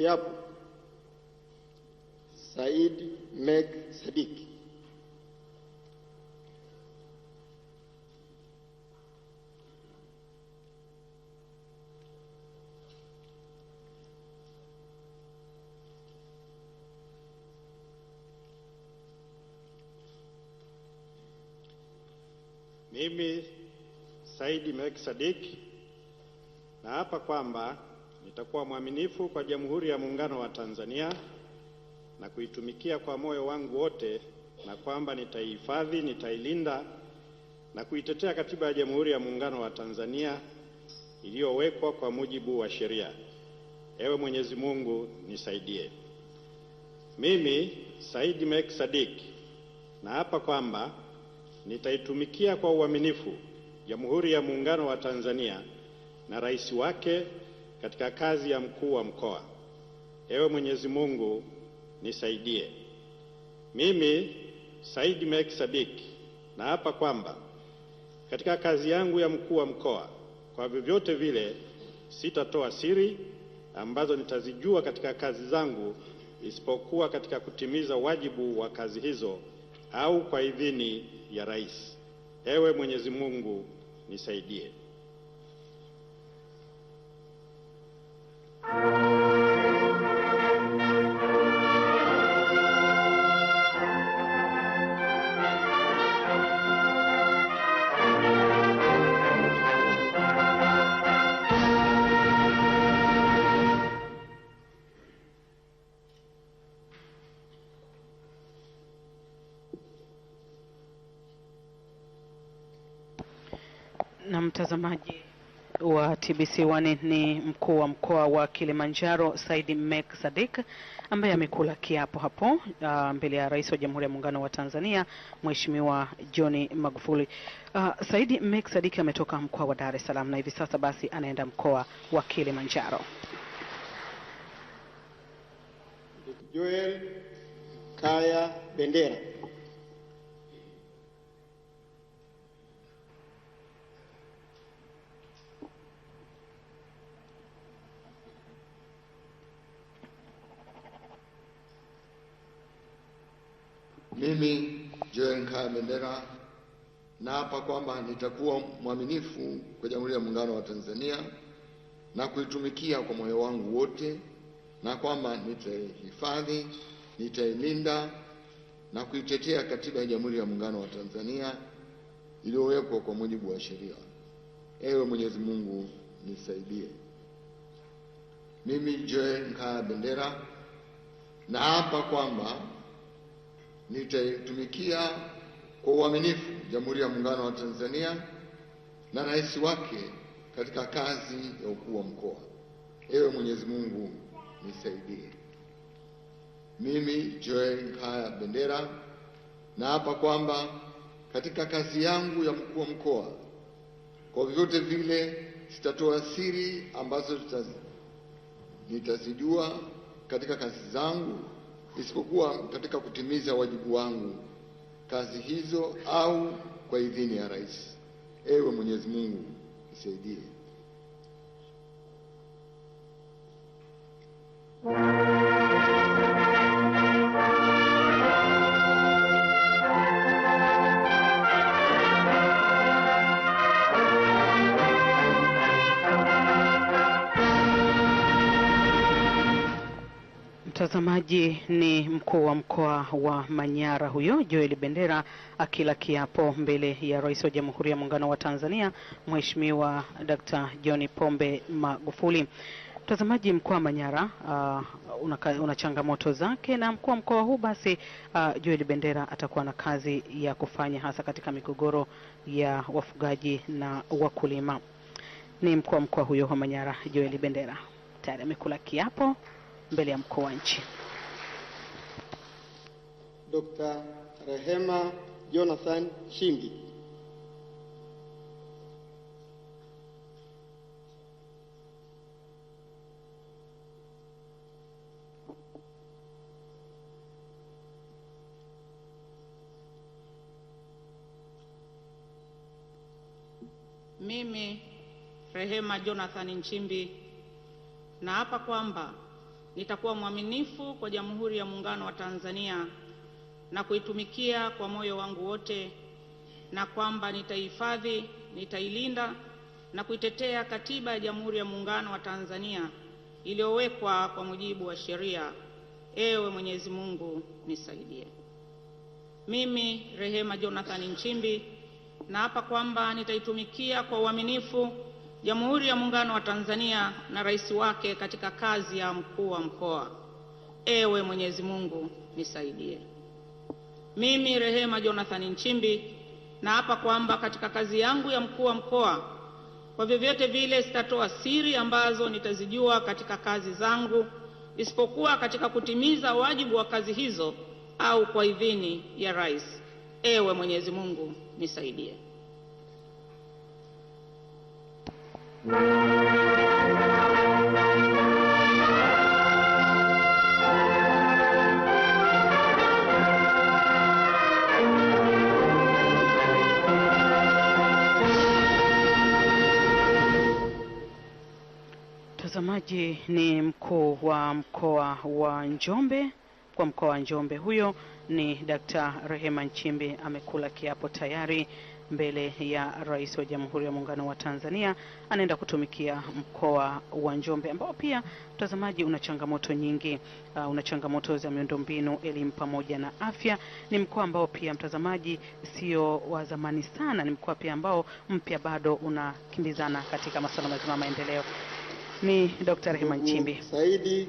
Kiapo Said Meg Sadiki. Mimi saidi Meg Sadiki naapa kwamba nitakuwa mwaminifu kwa Jamhuri ya Muungano wa Tanzania na kuitumikia kwa moyo wangu wote, na kwamba nitaihifadhi, nitailinda na kuitetea Katiba ya Jamhuri ya Muungano wa Tanzania iliyowekwa kwa mujibu wa sheria. Ewe Mwenyezi Mungu nisaidie. Mimi Said Mek Sadik naapa kwamba nitaitumikia kwa uaminifu Jamhuri ya Muungano wa Tanzania na rais wake katika kazi ya mkuu wa mkoa. Ewe Mwenyezi Mungu nisaidie. Mimi Said Mek na naapa kwamba katika kazi yangu ya mkuu wa mkoa, kwa vyovyote vile sitatoa siri ambazo nitazijua katika kazi zangu, isipokuwa katika kutimiza wajibu wa kazi hizo au kwa idhini ya rais. Ewe Mwenyezi Mungu nisaidie. na mtazamaji wa TBC1 ni mkuu wa mkoa wa Kilimanjaro Said Mek Sadik ambaye amekula kiapo hapo uh, mbele ya Rais wa Jamhuri ya Muungano wa Tanzania Mheshimiwa John Magufuli. Uh, Said Mek Sadik ametoka mkoa wa Dar es Salaam na hivi sasa basi anaenda mkoa wa Kilimanjaro. Joel Kaya Bendera Mimi Joel Nkaya Bendera naapa kwamba nitakuwa mwaminifu kwa Jamhuri ya Muungano wa Tanzania na kuitumikia kwa moyo wangu wote, na kwamba nitaihifadhi, nitailinda na kuitetea Katiba ya Jamhuri ya Muungano wa Tanzania iliyowekwa kwa mujibu wa sheria. Ewe Mwenyezi Mungu nisaidie. Mimi Joel Nkaya Bendera naapa kwamba nitaitumikia kwa uaminifu Jamhuri ya Muungano wa Tanzania na rais wake katika kazi ya ukuu wa mkoa. Ewe Mwenyezi Mungu nisaidie. Mimi Joel Haya Bendera naapa kwamba katika kazi yangu ya mkuu wa mkoa, kwa vyovyote vile sitatoa siri ambazo nitazijua katika kazi zangu isipokuwa katika kutimiza wajibu wangu kazi hizo au kwa idhini ya rais. Ewe Mwenyezi Mungu nisaidie. Mtazamaji, ni mkuu wa mkoa wa Manyara huyo Joel Bendera akila kiapo mbele ya Rais wa Jamhuri ya Muungano wa Tanzania Mheshimiwa Dr. John Pombe Magufuli. Mtazamaji, mkoa wa Manyara uh, una, una changamoto zake, na mkuu wa mkoa huu basi uh, Joel Bendera atakuwa na kazi ya kufanya hasa katika migogoro ya wafugaji na wakulima. Ni mkuu wa mkoa huyo wa Manyara Joel Bendera tayari amekula kiapo mbele ya mkuu wa nchi. Dr. Rehema Jonathan Shindi. Mimi Rehema Jonathan Nchimbi naapa kwamba nitakuwa mwaminifu kwa Jamhuri ya Muungano wa Tanzania na kuitumikia kwa moyo wangu wote, na kwamba nitaihifadhi, nitailinda na kuitetea Katiba ya Jamhuri ya Muungano wa Tanzania iliyowekwa kwa mujibu wa sheria. Ewe Mwenyezi Mungu nisaidie. Mimi Rehema Jonathan Nchimbi naapa kwamba nitaitumikia kwa uaminifu Jamhuri ya Muungano wa Tanzania na rais wake katika kazi ya mkuu wa mkoa. Ewe Mwenyezi Mungu nisaidie. Mimi Rehema Jonathan Nchimbi naapa kwamba katika kazi yangu ya mkuu wa mkoa, kwa vyovyote vile sitatoa siri ambazo nitazijua katika kazi zangu, isipokuwa katika kutimiza wajibu wa kazi hizo au kwa idhini ya rais. Ewe Mwenyezi Mungu nisaidie. Mtazamaji, ni mkuu wa mkoa wa Njombe kwa mkoa wa Njombe, huyo ni Dkt. Rehema Nchimbi amekula kiapo tayari mbele ya Rais wa Jamhuri ya Muungano wa Tanzania. Anaenda kutumikia mkoa wa Njombe ambao pia mtazamaji una changamoto nyingi. Uh, una changamoto za miundombinu, elimu pamoja na afya. Ni mkoa ambao pia mtazamaji sio wa zamani sana, ni mkoa pia ambao mpya bado unakimbizana katika masuala mazima maendeleo. Ni Dr. Rehema Nchimbi Saidi.